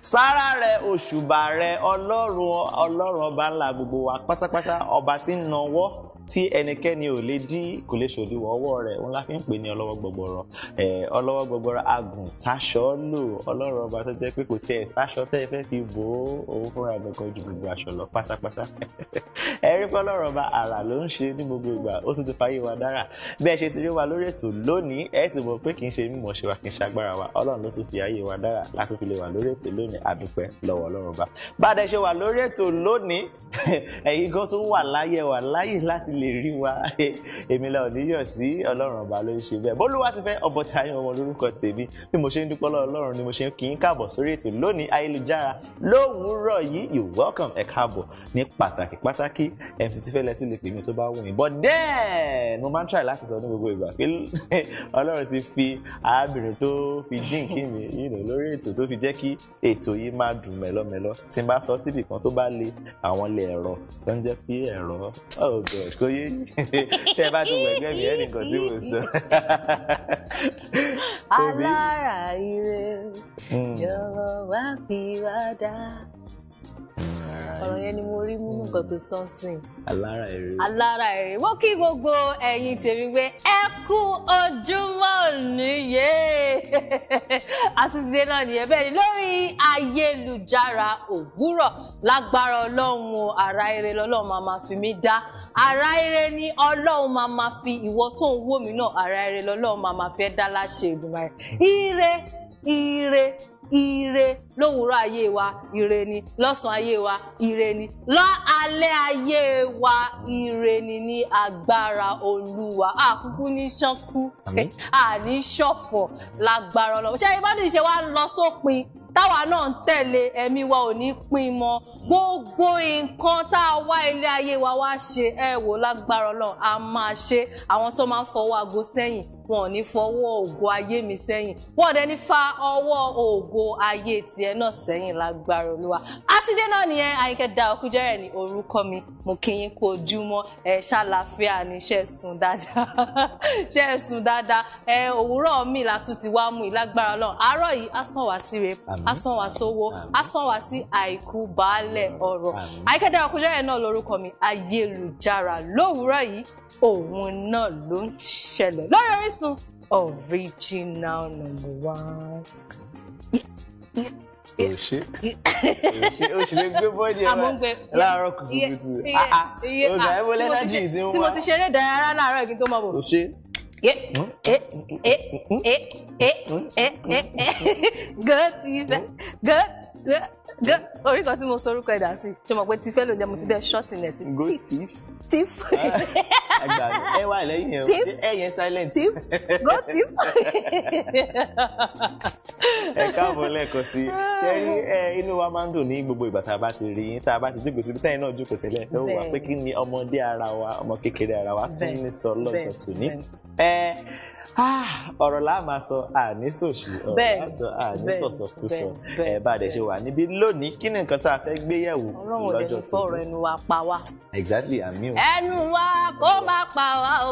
sára rẹ òṣùbà rẹ ọlọ́run ọlọ́run ọba ńlá gbogbo wa pátápátá ọba tí ń nawọ́ tí ẹnikẹ́ni ò lè dí kò lè ṣòdiwọ̀ ọwọ́ rẹ̀ òun la fi ń pè ní ọlọ́wọ́ gbọgbọrọ ọlọ́wọ́ gbọgbọrọ agùn táṣọ lò ọlọ́run ọba tó jẹ́ pé kò tiẹ̀ sáṣọ tẹ́ ẹ fẹ́ fi bò ó òun fúnra gbọ̀ngàn ju gbogbo aṣọ lọ pátápátá ẹ rí pé ọlọ́run ọba àrà ló ń ṣe ní gbogbo ìgbà ó tún ti fàyè wa dára bí ẹ ṣe ti rí wa lórí ètò lónìí ẹ ti mọ̀ pé kì í ṣe mímọ̀ ṣe wa kì í ṣagbára lónìí àdúpẹ́ lọ́wọ́ Ọlọ́run bá bá a dẹ ṣe wà lórí ètò lónìí ẹ̀yin gan tún wà láyé wà láyé láti lè rí wa èmi la ò ní yọ̀ sí Ọlọ́run ọba ló ń ṣe bẹ́ẹ̀ bólúwa ti fẹ́ Ọbọ̀tayọ̀ ọmọ lórúkọ tèmi bí mo ṣe ń dúpọ́ lọ́wọ́ Ọlọ́run ni mo ṣe ń kí n káàbọ̀ sórí ètò lónìí ayélujára lówùúrọ̀ yìí you welcome ẹ káàbọ̀ ní pàtàkì pàtàkì MC Tífẹ́lẹ́ tún lè pè mí tó bá wù mí but then mo máa ń try láti sọ ní gbogbo ìgbà pé Ọlọ́run ti fi arábìnrin tó fi dínkì mi lórí ètò tó fi jẹ́ kí ètò ètò yìí máa dùn mẹ́lọ́mẹ́lọ́ tí n bá sọ síbì kan tó bá le àwọn ilé ẹ̀rọ tó ń jẹ́ pé ẹ̀rọ ọ̀gọ̀ oh kò yé tẹ́ ẹ bá ti wẹ̀ gbẹ́mí ẹ̀ nìkan tí mo sọ. alára ire hmm. jọ̀wọ́ wá fi wá dá ọ̀rọ̀ yẹn ni mo rí múnú mm. nǹkan pé something. alára èrè. alára èrè wọ́n kí gbogbo ẹ̀yin tèmi pé ẹ kú ojúmọ́ nìyé àtúndé náà nìyẹn bẹ́ẹ̀ ni lórí ayélujára òwúrọ̀ lágbára ọlọ́run o ara ire lọ́lọ́run máa ma fi mí dá ara ire ni ọlọ́run máa ma fi ìwọ tó ń wò mí náà ara ire lọ́lọ́run máa ma fi ẹ́ dá láṣẹ ìdùnnú ire ire ire lówùúrọ̀ ayé wa ire ni lọ́sàn-án ayé wa ire ni lọ́alẹ́ ayé wa ire ni ní agbára olúwa àkúkú ní ṣánkú àní ṣọ̀fọ̀ lágbára ọlọ́run ṣé ìbádìí ṣe wá lọ sópin táwa náà ń tẹ̀lé ẹ̀mí wa ò ní pín mọ́ gbogbo nǹkan tá a wá ilé ayé wa wá ṣe ẹ wò lágbára ọlọ́run a máa ṣe àwọn tó máa ń fọwọ́ aago sẹ́yìn wọn ò ní fọwọ́ ògo ayé mi sẹ́yìn wọn ò dẹ̀ ní fa ọwọ́ ògo ayé tiẹ̀ náà sẹ́yìn lágbára olúwa àtidé náà nìyẹn Àyìnkẹ́ Dáòkújẹ́rẹ́ ní orúkọ mi mo kí yín kú ojúmọ́ ẹ ṣàlàáfíà ní ṣe sùn dáadáa ṣe sùn dáadáa ẹ òwúrọ̀ mi la ti wá mú ìlágbára ọlọ́run àárọ̀ yìí á sàn wá síre á san wá sówó á san wá sí àìkú baálẹ̀ ọ̀rọ̀ Àyìnkẹ́ Dayọ̀ Kujore mi ayélujára lówùúrọ̀ yìí òun náà ló ń ṣẹlẹ̀ lórí Orísun original number one. Yeah, yeah òṣè gbé bọ́ọ̀dì ẹ̀ láàárọ̀ kùtùkùtù ó dà ẹ́ bọ́lẹ́ náà jì tí mo ti ṣeré ìdárayá láàárọ̀ ìgbín tó mọ̀ bò. òṣè gan ti fẹ́ gan gan orí kan tí mo sọ orúkọ ẹ̀dá sí ṣe mọ̀ pé ti fẹ́ ló jẹ́ mo ti bẹ́ẹ̀ ṣọ́ọ̀tì nẹ̀ sí tiff tiff ah, ẹ wà lẹ́yìn ẹ̀ ẹ̀ yẹn silent tiff go tiff. ẹ káàbọ̀ lẹ́ẹ̀kan sí ṣe rí inú wa máa ń dùn ní gbogbo ìgbà tá a bá ti rí yín tá a bá ti jókòó síbi tẹ́yìn náà jókòó tẹ́lẹ̀ ló wà pé kí ni ọmọdé ara wa ọmọ kékeré ara wa tún ní sọ lọ́dọ̀ tòní ọ̀rọ̀ la máa sọ àníṣòṣì ọ̀rọ̀ la sọ àníṣọ̀sọ̀kúsọ ẹ̀ bá a dẹ̀ ṣe wà níbí lónìí kí ni nǹkan tá a fẹ́ gbé yẹ̀wò lọ́jọ́ tó ọ̀rọ̀ ẹnu wa exactly àmì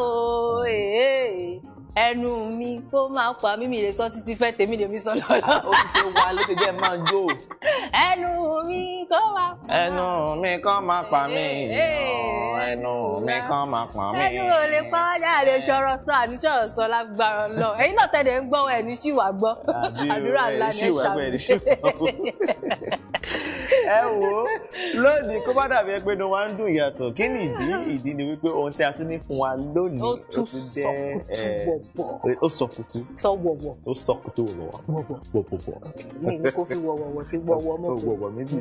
o ẹnu mi kó máa pa mímì lè sọ títí fẹ́ tèmi lèmi sọ lọ́la. ó ti ṣe wa ló ti jẹ́ máa jó. ẹnu mi kó máa pa. ẹnu mi kó máa pa mí. ẹnu mi kó máa pa mí. ẹnu ò lè pa wá jáde lè sọ̀rọ̀ sọ àní sọ̀rọ̀ sọ lágbára lọ. èyí náà tẹ̀lé ń gbọ́ ẹ̀ ní ṣìwà gbọ́ àdúrà ńlá ní ṣàmì. ẹ wo lónìí kó bá dàbí ẹgbẹ́ ni wọ́n á ń dùn yàtọ̀ kí ni ìdí ìdí ni wípé ohun tí a tún ní fún wa lónìí ó tún jẹ́ ó sọkùtù sọ wọ̀wọ̀ ó sọkùtù wọ̀wọ̀ wọ̀wọ̀ mi ni kò fi wọ̀wọ̀wọ̀ sí wọ̀wọ̀ mọ́ kò wọ̀wọ̀ méjì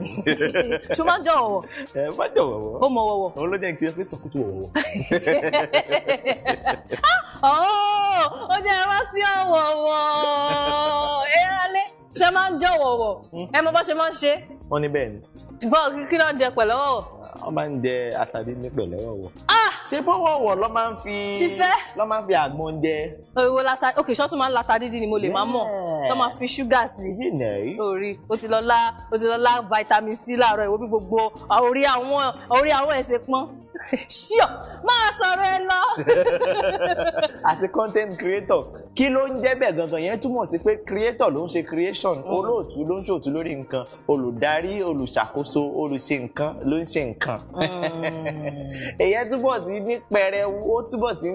tó máa ń jọ wọ̀wọ̀ ẹ má jọ wọ̀wọ̀ ó mọ wọ̀wọ̀ òun ló jẹ́ kí n pé sọkùtù wọ̀wọ̀ oh, ó jẹ́ ẹ̀rọ tí ó wọ̀wọ̀ ẹ̀rọ ṣe máa ń jọ̀wọ̀ wọ̀ hmm? ẹ mọ bá ṣe máa ń ṣe. wọ́n ní bẹ́ẹ̀ ni. ṣùgbọ́n kí ló ń jẹ pẹ̀lú ọ̀wọ̀. wọ́n máa ń jẹ àtàdé ní pẹ̀lú ọ̀wọ̀. ah ṣé bọ́wọ̀wọ̀ lọ máa ń fi tifẹ́ lọ máa ń fi àgbọn jẹ. òwò lata ok ṣọ́ọ̀tù máa ń lata dídì ni mo lè máa mọ̀ lọ́ máa fi ṣúgà sí i orí o ti lọ lá o ti lọ lá vitamin C láàárọ̀ ìwọ bí gbogbo orí àwọn orí àwọn ẹ̀sẹ̀ pọ́n ṣíọ̀ máa sọ̀rọ̀ ẹ lọ. àti content creator kí ló ń jẹ́ bẹ́ẹ̀ gangan yẹn túmọ̀ sí pé creator ló ń ṣe creation mm-hmm. olóòtú ló ń ṣòtú lórí nǹkan olùdarí olùṣàkóso olùṣe nǹkan ló ń ṣe nǹkan. èyẹ mm. túbọ̀ sí ní pẹrẹwu ó túbọ̀ sí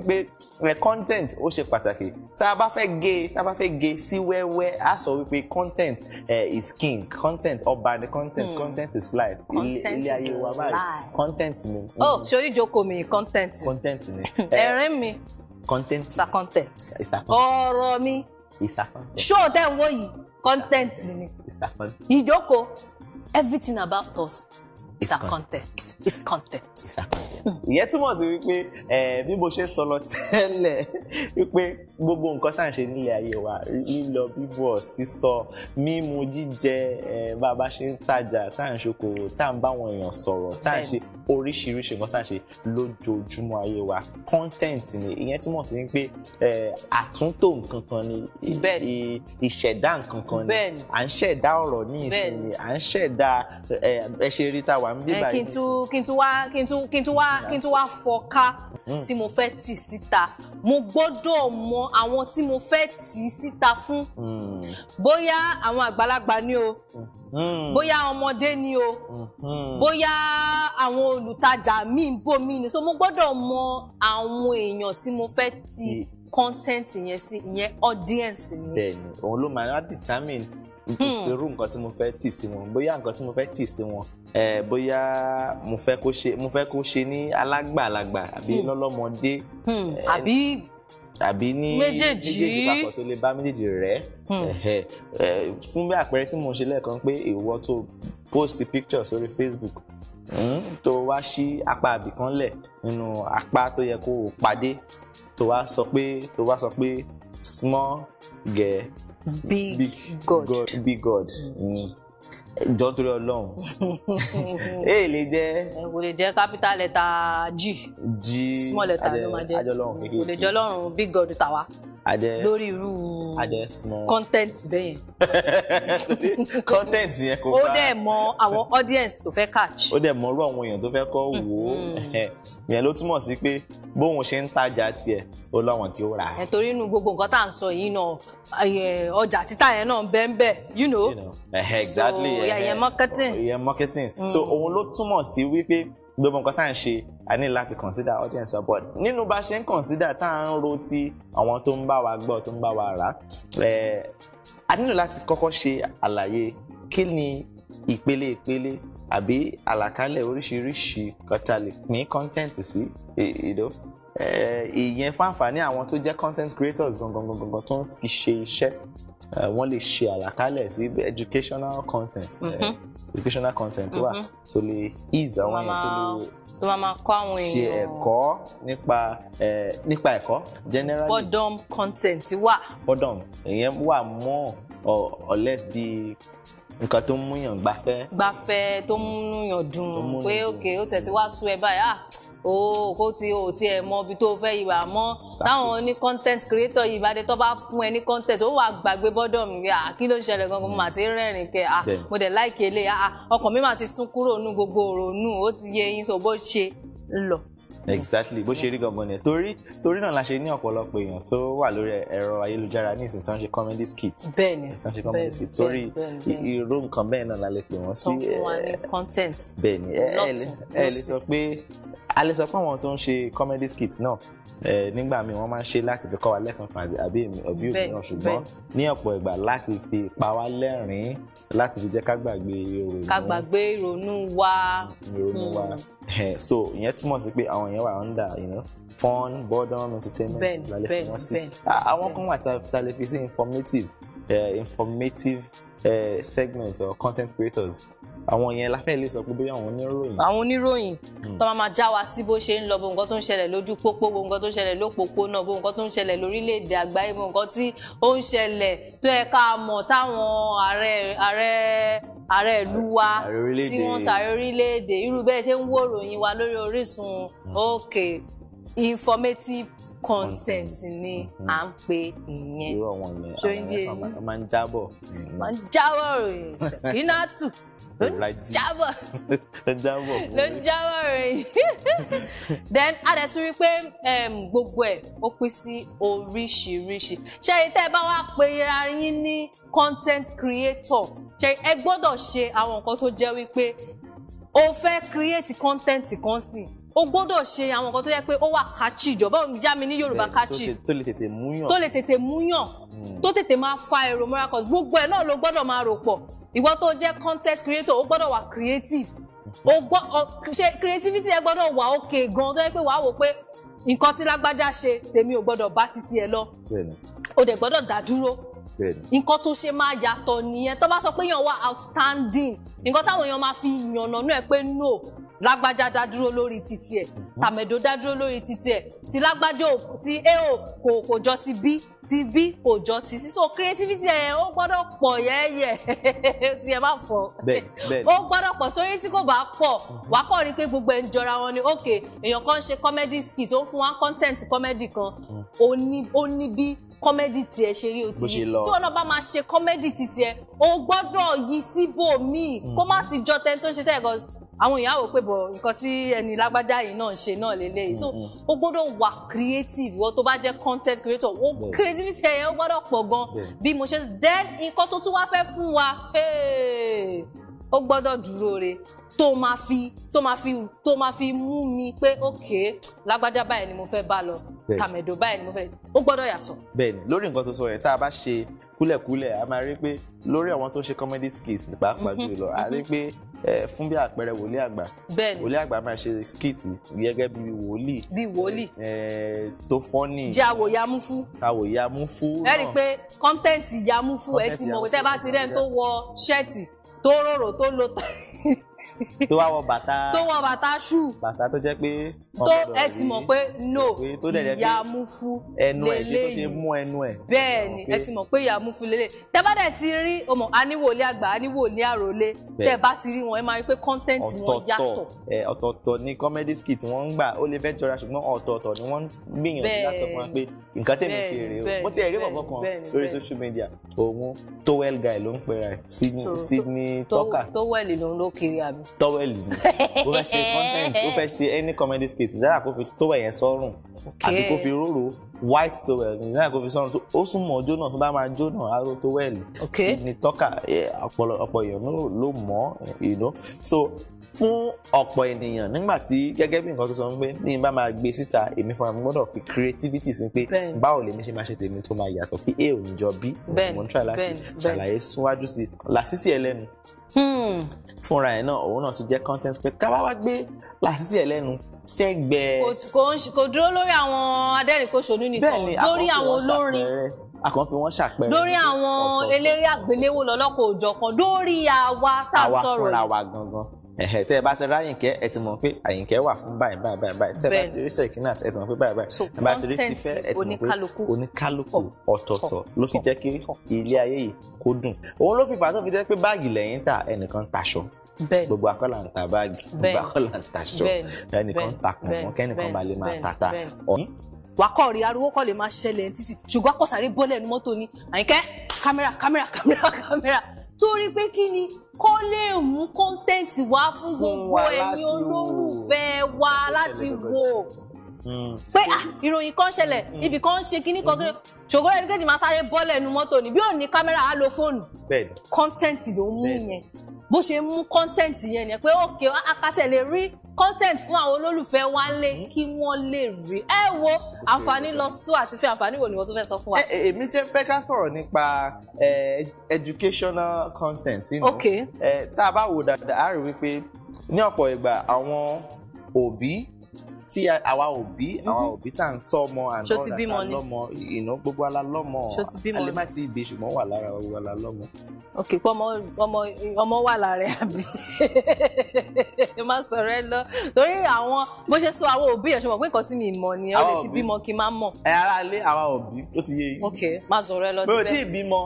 pé content ó ṣe pàtàkì tá a bá fẹ́ gé tá a bá fẹ́ gé sí wẹ́wẹ́ á sọ wípé content uh, is king content ọba the content mm. content is life ilé ayé wa báyìí content ni. ó oh, ṣorí jókòó mi content. content ni. ẹ̀rín mi. content. sa content. ọ̀rọ̀ mi. isa content. ṣó tẹ̀ ń wò content ni. isa ìjókòó everything about us it's a content it's content. it's a content. Hmm. ìyẹn túmọ̀ sí wípé bí mo ṣe sọ lọ tẹ́lẹ̀ wípé gbogbo nǹkan sáà ṣe nílé ayé wa lílọ bíbọ̀ sísọ mímu jíjẹ bá a bá ṣe ń tajà tá à ń ṣokòwò tá à ń bá àwọn èèyàn sọ̀rọ̀ tá à ń ṣe oríṣiríṣi nǹkan tá à ń ṣe lójoojúmọ́ ayé wa content ni ìyẹn túmọ̀ sí wípé àtúntò nǹkan kan ni ìṣẹ̀dá nǹkan kan ni à ń ṣẹ̀dá ọ̀rọ̀ ní ìsinmi à ń ṣẹ̀dá ẹ̀ṣẹ̀ rí wà ń bí báyìí. kí n tún kí n tún wá kí n tún kí n tún wá kí n tún wá fọká mm. tí mo fẹ́ tì síta mo gbọ́dọ̀ mọ àwọn tí mo fẹ́ tì síta fún mm. bóyá àwọn àgbàlagbà ni o mm-hmm. bóyá ọmọdé ni o mm-hmm. bóyá àwọn olùtajà míì ń bomi ni so mo gbọ́dọ̀ mọ àwọn èèyàn tí mo fẹ́ tì content yẹn sí ìyẹn audience mi. bẹ́ẹ̀ni òun ló máa determine Hmm. irú nǹkan tí mo fẹ́ tì sí wọn bóyá nǹkan tí mo fẹ́ tì sí wọn bóyá mo fẹ́ kó ṣe mo fẹ́ kó ṣe ní alágbàlagbà àbí hmm. lọ́lọ́mọdé hmm. àbí àbí ní méjèèjì papọ̀ tó lè bá méjèèjì rẹ̀ fún bí àpẹẹrẹ tí mo ṣe lẹ́ẹ̀kan pé ìwọ tó post picture sórí Facebook tó wá sí apá àbìkan lẹ̀ nínú apá tó yẹ kó pàdé tó wá sọ pé tó wá sọ pé small girl big, big god god big god ni jọ torí Ọlọ́run ee lè jẹ. kò lè jẹ capital letter g g small letter ló máa jẹ kò lè jọ big god tàwa lórí irú content bẹ́ẹ̀ yẹn. content yẹn kò bá ó dẹ̀ mọ àwọn audience tó fẹ́ catch. ó dẹ̀ mọ irú àwọn èèyàn tó fẹ́ kọ́ mm-hmm. wò ó yẹn ló túmọ̀ sí pé bóun ṣe ń tajà tiẹ̀ ó láwọn tí ó rà á. torí inú gbogbo nǹkan tá à ń sọ yìí náà ọjà títà yẹn náà bẹ́ẹ̀ bẹ́ẹ̀ you know. You know. exactly so yẹn marketing. yẹn marketing mm. so òun ló túmọ̀ sí wípé gbogbo nǹkan tá à ń ṣe a ní láti consider audience wa but nínú bá ṣe ń consider tá à ń ro ti àwọn tó ń bá wa gbọ́ tó ń bá wa rà eh, a nílò láti kọ́kọ́ ṣe àlàyé kí ni ìpele ìpele àbí àlàkalẹ̀ oríṣiríṣi kọta lè pín content sí ìdó eh, eh, ìyẹn fún àǹfààní àwọn tó jẹ́ content creators gangan gangan tó ń fi ṣe iṣẹ́ Eh, wọ́n lè ṣe àlàkalẹ̀ sí educational content eh, mhm. educational content wà mhm. tó lè ease àwọn èèyàn tó lè tó máa máa kọ́ àwọn èèyàn ṣe ẹ̀kọ́ nípa eh, nípa ẹ̀kọ́ generally bottom content wà. Bottom. ìyẹn wà more or less bíi nǹkan tó ń múyàn gbafẹ́. gbafẹ́ tó ń múyàn dùn pé òkè ó tẹ̀ tí wàá sú ẹ báyìí ah Oh, o kò tí o tí ẹ mọ ibi tó fẹ́ yìí wà táwọn ní content creator yìí ìbàdí tó bá fún ẹ ní content ó wà gbàgbé bọ́dọ̀ mi à ah, kí ló ń ṣẹlẹ̀ gangan mo mà ti rẹ́rìn kẹ à ah, mo dẹ̀ láìkè lé à ọkàn mi mà ti sún kúrò nú gbogbo òrònú ó ti yẹ yín tó bó ṣe lọ. exactly bó ṣe rí gangan ni torí torí náà la ṣe ní ọ̀pọ̀lọpọ̀ èèyàn tó wà lórí ẹ̀rọ ayélujára ní ìsìn tó ń ṣe comedy skit bẹ́ẹ̀ni bẹ́ẹ̀ni bẹ́ẹ̀ni a lè sọ pé àwọn tó ń ṣe comedy skit náà nígbà míì wọ́n máa ń ṣe láti fi kọ́ wa lẹ́kàn pàdé àbí èmi òbí òmíràn ṣùgbọ́n ní ọ̀pọ̀ ìgbà láti fi pa wá lẹ́rìn-ín láti fi jẹ́ ká gbàgbé ìrònú ká gbàgbé ìrònú wa. ìrònú wa hmm. so ìyẹn túmọ̀ sí pé àwọn yẹn wà under you know, fun boredom entertainment lálẹ́ fún wọn sí àwọn kan wà tá lè fi sí informative uh, informative uh, segment or content creators àwọn yẹn la fẹ́ lè sọ pé bóyá àwọn oníròyìn. àwọn oníròyìn hmm. tó máa ma já wa sí bó ṣe ń lọ bó nǹkan tó ń ṣẹlẹ̀ lójú pópó bó nǹkan tó ń ṣẹlẹ̀ lópòpónà bó nǹkan tó ń ṣẹlẹ̀ lórílẹ̀‐èdè àgbáyé bó nǹkan tí ó ń ṣẹlẹ̀ tó yẹ ká mọ̀ táwọn ààrẹ ààrẹ ààrẹ ìlú wa tí wọ́n sàárẹ̀ orílẹ̀‐èdè irú bẹ́ẹ̀ ṣe ń wò ròyìn wa lórí Orísun hmm. ok informative content hmm. ni à ń pe ìyẹn ṣóyè máa ń jábọ̀ ròyìn Sẹ̀kínátù ló ń jábọ̀ ló ń jábọ̀ rẹ̀ then a dẹ̀ tún rí pé gbogbo ẹ̀ ó pín sí oríṣiríṣi ṣẹ́yìn tẹ́ ẹ bá wá pe ara yín ní content creator ṣẹ́yìn ẹ gbọ́dọ̀ ṣe àwọn nǹkan tó jẹ́ wípé o fẹ́ create content kan sí i o gbọ́dọ̀ ṣe àwọn nǹkan tó yẹ pé ó wà kàchì ìjọba òmìnira mi ní Yorùbá kàchì tó lè tètè múyàn tó lè tètè múyàn hmm. tó tètè máa fa èrò mọ́ra cause gbogbo ẹ̀ náà ló gbọ́dọ̀ máa rò pọ̀ ìwọ tó jẹ́ content creator ó gbọ́dọ̀ wà creative hmm. o gbọ́ ṣe creativity ẹ gbọ́dọ̀ wà òkè gan tó yẹ pé wàá wò pé nǹkan tí lágbájá ṣe tèmi ò gbọ́dọ̀ bá títí ẹ lọ o dẹ̀ gbọ́dọ̀ dá nǹkan tó ṣe máa yàtọ̀ nìyẹn tó bá sọ pé èèyàn wà outstanding nǹkan táwọn èèyàn máa fi yànnà náà pé no lágbájá dá dúró lórí títí ẹ̀ mhm. tàmẹ̀dò dá dúró lórí títí ẹ̀ ti lágbájá ti a ò kò kò jọ ti b ti b kò jọ ti c so creativity ẹ̀ ó gbọ́dọ̀ pọ̀ yẹ́yẹ́ tí ẹ bá fọ ó gbọ́dọ̀ pọ̀ torí tí kò bá pọ̀ mhm. wà á kọ́ rí pé gbogbo ẹ̀ ń jọra wọn ni ok èèyàn kan ṣe comedy skit ó ń fún wa content comedy kan mhm. ó ní bí kọ́mẹ́dì tiẹ̀ ṣe rí o ti yí tí wọn bá máa ṣe kọ́mẹ́dì ti tiẹ̀ o gbọ́dọ̀ yí síbò míì kó má ti jọ tẹ́ni tó ń ṣe tẹ́lẹ̀ gan àwọn èèyàn àwò pé bọ̀ nǹkan tí ẹni lágbájá yìí náà ń ṣe náà lélẹ́yìí so ó mm-hmm. gbọ́dọ̀ wà creative wọ́n tó bá jẹ́ content creator ó creativity ẹ̀yẹ ó gbọ́dọ̀ pọ̀ gan bí mo ṣe then nǹkan tó tún wá fẹ́ fún wa ó gbọ́dọ̀ dúró re tó máa fi tó máa fi tó máa fi mú mi pé ok lágbájá báyìí ni mo fẹ́ bá lọ tàmẹ̀dò báyìí ni mo fẹ́ ó gbọ́dọ̀ yàtọ̀. bẹ́ẹ̀ni lórí nǹkan tó sọ yẹn tá a bá ṣe kúlẹ̀kúlẹ̀ a máa rí pé lórí àwọn tó ń ṣe comedy skits pàápàá mhm. jùlọ a rí pé fún bí àpẹẹrẹ wòlíì àgbà wòlíì àgbà máa ṣe skit gẹ́gẹ́ bí wòlíì bí wòlíì tó fọ́nì. jẹ́ àwòyámúfú. àwòyámúfú náà ẹ rí i pé kọ́ńtẹ́ǹtì yámúfú ẹ ti mọ̀ tẹ́ bá ti rẹ́ni tó wọ ṣẹ́ẹ̀tì tó rorò tó lo tó wá wọ bàtà tó wọ bàtà ṣù bàtà tó jẹ́ pé tó ẹ ti mọ̀ pé no yamufu lélẹ̀ ẹnu ẹ̀ ṣe tó ṣe mú ẹnu ẹ̀. bẹ́ẹ̀ni ẹ ti mọ̀ pé yamufu lélẹ̀ tẹ bá dẹ̀ ti rí ọmọ aníwòlé àgbà aníwòlé àròlé tẹ bá ti rí wọn ẹ máa rí pé content wọn yàtọ̀. ọ̀tọ̀ọ̀tọ̀ ni comedy skit wọ́n ń gbà ó lè fẹ́ jọra ṣùgbọ́n ọ̀tọ̀ọ̀tọ̀ ni wọ́n ń gbìyànjú láti sọ fún wa pé nǹkan tèmi ṣe rèé o mo ti ẹ̀rí bọ̀bọ̀ kan lórí social media òun towel guy ló ń pera ẹ̀ Sydney Tucker towel ló ń lọ kiri àbí. towel ni ó fẹ́ ṣe content ó fẹ́ ṣe any comedy skit ìzára kó fi towel yẹn sọ́rùn àti kó fi róró white towel ní náà kó fi sọrùn ó sún mọ́ ọjọ́ náà tó bá máa jó náà aró towel ní tọ́ka ọ̀pọ̀lọpọ̀ èèyàn ló mọ̀ ọ́ so fún ọ̀pọ̀ ènìyàn nígbà tí gẹ́gẹ́ bí nǹkan tó sọ pé ní bá máa gbé síta èmi fúnra mi gbọ́dọ̀ fi creativity sí pé báwo lèmi ṣe máa ṣe tèmi tó máa yàtọ̀ sí a ò ní mo ń try láti ṣàlàyé síwájú sí Lásìsì ẹlẹ́nu hmm. fúnra ẹ̀ náà òun náà ti jẹ́ content pé ká bá wá gbé Lásìsì ẹlẹ́nu sẹ́gbẹ̀ẹ́. kò dúró lórí àwọn adẹ́rìnpòṣónú nìkan lórí àwọn olórin àkànfi wọn ṣàpẹẹrẹ lórí àwọn eléré àgbéléwò lọlọpọ òjọkan lórí àwa tá a sọ̀rọ̀ àwa fúnra wa gangan ẹ̀hẹ̀ tẹ́ ẹ bá ti rí àyìnkẹ́ ẹ ti mọ̀ pé àyìnkẹ́ wà fún báyìí báyìí báyìí báyìí tẹ́ ẹ bá ti rí sẹ̀kínàt ẹ ti mọ̀ pé báyìí báyìí ẹ bá ti rí Tifẹ́ ẹ ti mọ̀ pé oníkálukú ọ̀tọ̀ọ̀tọ̀ ló fi jẹ́ kí ilé ayé yìí kó dùn òun ló fi fà tó fi jẹ́ pé báàgì lẹ́yìn ta ẹnìkan taṣọ gbogbo akọ́là ń ta báàgì gbogbo akọ́là ń taṣọ ẹnìkan ta pọ̀nmọ́ kẹ́nìkan bá lè máa tata ọ̀hún wakọ rí ariwo kọ lè máa ṣẹlẹ̀ títí ṣùgbọ́n akọ̀sáré bọ́lẹ̀ ní mọ́tò ni àyínkẹ́ kámẹ́rà torí pé kí ni kó lè mú kọ́ńtẹ́ǹtì wá fún gbogbo ẹ̀yin olólùfẹ́ wa láti wò pé ah, ìròyìn kan ṣẹlẹ̀ ibì kan ṣe kíní kan kí ṣògo ẹni kejì máa sáré bọ́ọ̀lù ẹnu mọ́tò ni bí ò ní kámẹ́rà á lo fóònù kọ́ńtẹ́ǹtì ló ń mú yẹn bó ṣe mú kọ́ńtẹ́ǹt yẹn ni pé òkè akátẹ̀ lè rí kọ́ńtẹ́ǹt fún àwọn olólùfẹ́ wa lé hmm. kí wọ́n lè rí ẹ wo àǹfààní lọ sún àti fẹ́ àǹfààní wo ni wọ́n tún fẹ́ sọ fún wa. èmi jẹ́ fẹ́ ká sọ̀rọ̀ nípa educational content you okay. tá a bá wò dáadáa a rí wípé ní ọ̀pọ̀ ìgbà àwọn òbí tí àwa òbí àwa mhm. òbí tá à ń tọ́ ọmọ and all that alọ́mọ ìná gbogbo ala lọ́mọ alẹ́ má ti ibi ṣùgbọ́n wà lára gbogbo ala lọ́mọ. ok pọ ọmọ ọmọ ọmọ wà lára àbí má sọ̀rọ̀ ẹ lọ torí àwọn bó ṣe sọ àwọn òbí ẹ̀ṣọ́ mọ̀ pé nǹkan tí mi mọ̀ ni ọ̀rẹ́ ti bímọ kí n má mọ̀. ẹ ara ilé àwa òbí ó ti yé yín. ok má sọ̀rọ̀ ẹ lọ síbẹ̀ mi ò tí ì bímọ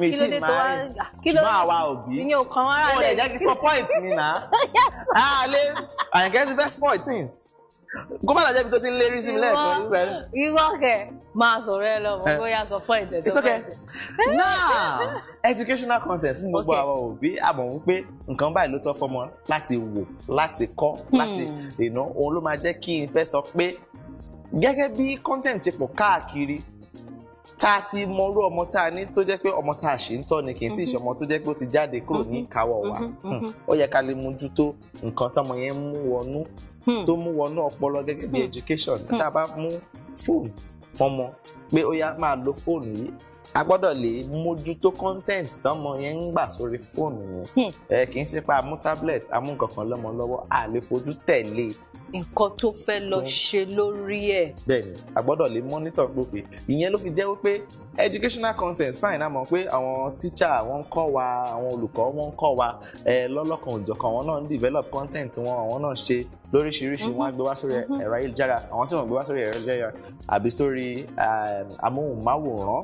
mi ti máa ń ṣùgbọ́n àwa òbí ìyẹn ò kàn wá rẹ̀. ó lè jẹ́ kí sọ point mi náà. àlẹ́ àyìnkẹ́ ti fẹ́ spoil things kó má lajẹ́ bí tó ti ń lérí sí mi lẹ́ẹ̀kan nígbà yẹn. ìwọ kẹ máa sọ̀rọ̀ ẹ lọ eh, bó yà sọ fún ìtẹ̀tẹ̀. it's okay now educational content fún gbogbo àwọn òbí àmọ̀ wípé nǹkan báyìí ló tọ́ fọmọ láti wò láti kọ́ láti ìná hmm. òun ló máa jẹ́ kí n fẹ́ sọ pé gẹ́gẹ́ bí content ṣe pọ̀ káàkiri tá a ti mọrú ọmọ tá a ní tó jẹ́ pé ọmọ tá a ṣì ń tọ́ ni kì í tí ì mhm. ṣọmọ tó jẹ́ pé ó ti jáde kúrò ní mhm. ìkáwọ́ wa mhm. Hmm. ó yẹ ká lè mójútó nǹkan tọmọ yẹn mú wọnú hmm. tó mú wọnú ọpọlọ gẹ́gẹ́ bí hmm. education tá a bá mú fóònù fọmọ pé ó yá máa lo fóònù yìí a gbọ́dọ̀ lè mójútó content tọmọ yẹn ń gbà sórí fóònù yẹn kì í ṣe pa amú tablet amú nǹkan kan lọ́mọ lọ́wọ́ a tẹ̀lé e nǹkan tó fẹ́ lọ ṣe lórí ẹ̀. bẹ́ẹ̀ni a gbọ́dọ̀ lè monitor gbòkè ìyẹn ló fi jẹ́ wípé educational content fine àmọ́ pé àwọn teacher wọ́n ń kọ́ wa àwọn olùkọ́ wọ́n ń kọ́ wa lọ́lọ́kan òjọ̀kan wọn náà ń develop content wọn àwọn náà ṣe lóríṣiríṣi wọn á mm-hmm. gbé wá sórí mm-hmm. ẹ̀rọ ayélujára àwọn tí wọ́n gbé wá sórí ẹ̀rọ ayélujára àbí sórí amóhùnmáwòrán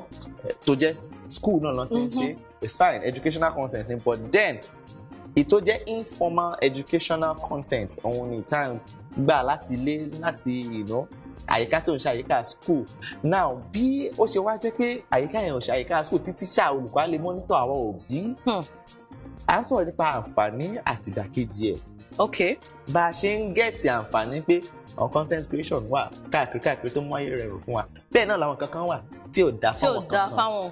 tó jẹ́ school náà lọ́n ti ń ṣe mm-hmm. it's fine educational content ni but then ìtó jẹ́ informal educational content òun ni tá à ń gbà láti ilé láti ìná àyíká tó ń ṣe àyíká school now bí ó ṣe wá jẹ́ pé àyíká yẹn ò ṣe àyíká school tí tíṣà olùkọ́ á lè mọ́nítọ̀ àwọn òbí à hmm. ń sọ̀rọ̀ nípa àǹfààní àti ìdàkejì ẹ̀. ok. bá a ṣe ń gẹ̀ẹ́tì àǹfààní pé àwọn content creation wà káàkiri káàkiri tó mú ayé rẹ̀ rò fún wa bẹ́ẹ̀ náà làwọn kankan wà tí ò dáa fáwọn kan. tí ò dáa fáwọn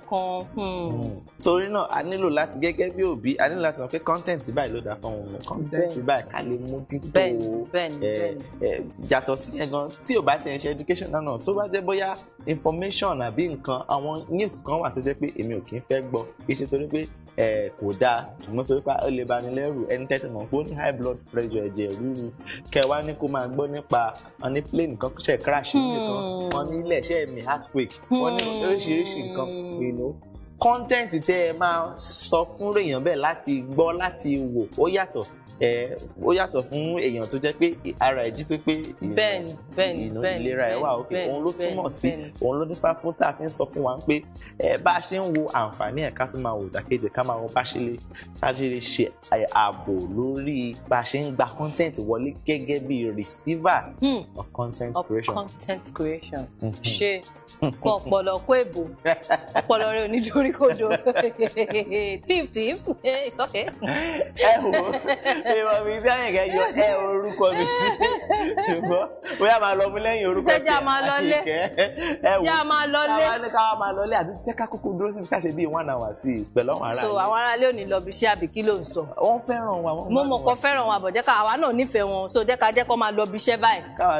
kan. torí náà a nílò láti gẹ́gẹ́ bí òbí a nílò láti mọ̀ pé content báyìí ló dáa fáwọn ọmọ content báyìí ká lè mójútó yàtọ̀ sí yẹn gan tí ò bá ti ẹ̀ ṣe education náà tó bá jẹ́ bóyá information àbí nǹkan àwọn news kan wà tó jẹ́ pé èmi ò kì í fẹ́ gbọ́ kì í ṣe torí pé kò dáa ṣùgbọ́n torí pé ó lè ba ni lẹ́rù ẹni tẹ́tí mọ̀ pé ó ní high blood pressure ẹ̀jẹ̀ ríru kẹwàá ní kó máa gbọ́ nípa wọn ní plane kan ṣe crash níbi kan hmm. wọn ní ilé iṣẹ́ mi earthquake wọn ní oríṣiríṣi nǹkan ìnú kọ́ńtẹ́ǹtì tẹ́ ẹ máa sọ fún èèyàn bẹ́ẹ̀ láti gbọ́ láti wò ó yàtọ̀ ó yàtọ̀ fún èèyàn tó jẹ́ pé ara ẹ̀ jí pépé bẹ́ẹ̀ni ìlera ẹ̀ wà òkè òun ló túmọ̀ sí òun ló nípa fún tá a fi ń sọ fún wa pé bá a ṣe ń wo àǹfààní ẹ̀ ká tún máa wò ìdàkejì ká máa wọ bá ṣe lè ká ṣe lè ṣe ààbò lórí bá a ṣe ń gba content wọlé gẹ́gẹ́ bí receiver hmm. of content creation. of content creation ṣe kọ ọpọlọ kó èbò ọpọlọ rẹ ò ní dorí kodo tip tip it's okay. ẹ wo èèmọ̀ mi sí àyẹ̀kẹ́ yọ ẹ orúkọ mi sí ṣùgbọ́n bóyá máa lọ mú lẹ́yìn orúkọ sí àyẹ̀kẹ́ ẹ wò ká máa lọ lé àbí jẹ́ ká kúkú dúró síbi ká ṣe bíi one hour sí i pẹ̀lú àwọn aráàlú. so àwọn aráàlú ò ní lọ bí iṣẹ́ àbí kí ló ń sọ. wọ́n fẹ́ràn wa. mo mọ̀ kọ́ fẹ́ràn wa bọ̀ jẹ́ ká àwa náà nífẹ̀ẹ́ wọn so jẹ́ ká jẹ́ kọ́ máa lọ bí iṣẹ́ báyìí. káwa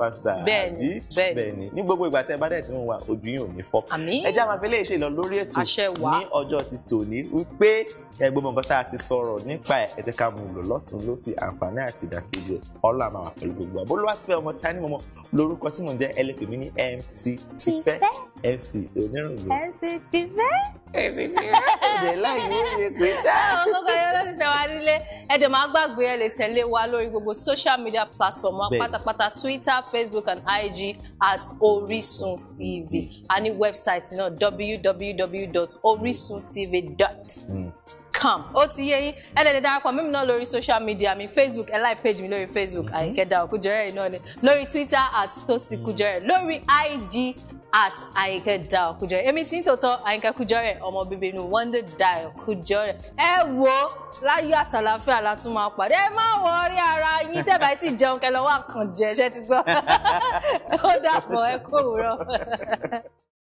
pásítà àbí bẹ́ẹ̀ni ní gbogbo ìgbà tí ẹ bá dẹ̀ tí wọ́n wà ojú yìí ò ní fọ́. ẹ já máa fi lè ṣe lọ lórí ètò ní ọjọ́ ti tòní wípé ẹgbẹ́ mọ̀gán tá a ti sọ̀rọ̀ nípa ẹ̀ ẹ jẹ́ ká mú lò lọ́tún lọ́sì àǹfààní àti ìdàkejì ọ̀la máa wà pẹ̀lú gbogbo àbó lówà ti fẹ́ ọmọ tani mọ̀mọ́ lórúkọ tí mò ń jẹ́ ẹ lè pè mí ní MC Tífẹ́ MC onírùnú. MC Tífẹ́. MC Tífẹ́. ìdè láì ní oye pé tá. àwọn ọmọ kan yóò fẹ́ wá nílé ẹ dẹ̀ máa gbàgbé ẹ lè tẹ̀lé wa lórí gbogbo social media platform wa pátápátá Twitter Facebook and IG at Orisun TV a ní you know, www.orisuntv.com ó ti yé yín ẹlẹ́dẹ̀ darapọ̀ mímu náà lórí social media mi Facebook ẹ̀ like page mi lórí Facebook mm-hmm. Àyìnkẹ́ Dayọ̀ Kújọrẹ́ náà ni lórí Twitter at Tosin Kujore lórí IG at Àyìnkẹ́ Dayọ̀ Kújọrẹ̀ èmi tí ń tòótọ́ Àyìnkẹ́ Kújọrẹ̀ ọmọ bíbí inú Wonder Dayọ̀ Kújọrẹ̀ ẹ wo láyé àtàlàfíà la tún máa pàdé ẹ má wọ orí ara yín tẹ́bà tí jẹun kẹlẹ́ wà kàn jẹ ṣẹ́ ti gbọ́ ó dàpọ̀ ẹ kó òwúrọ̀.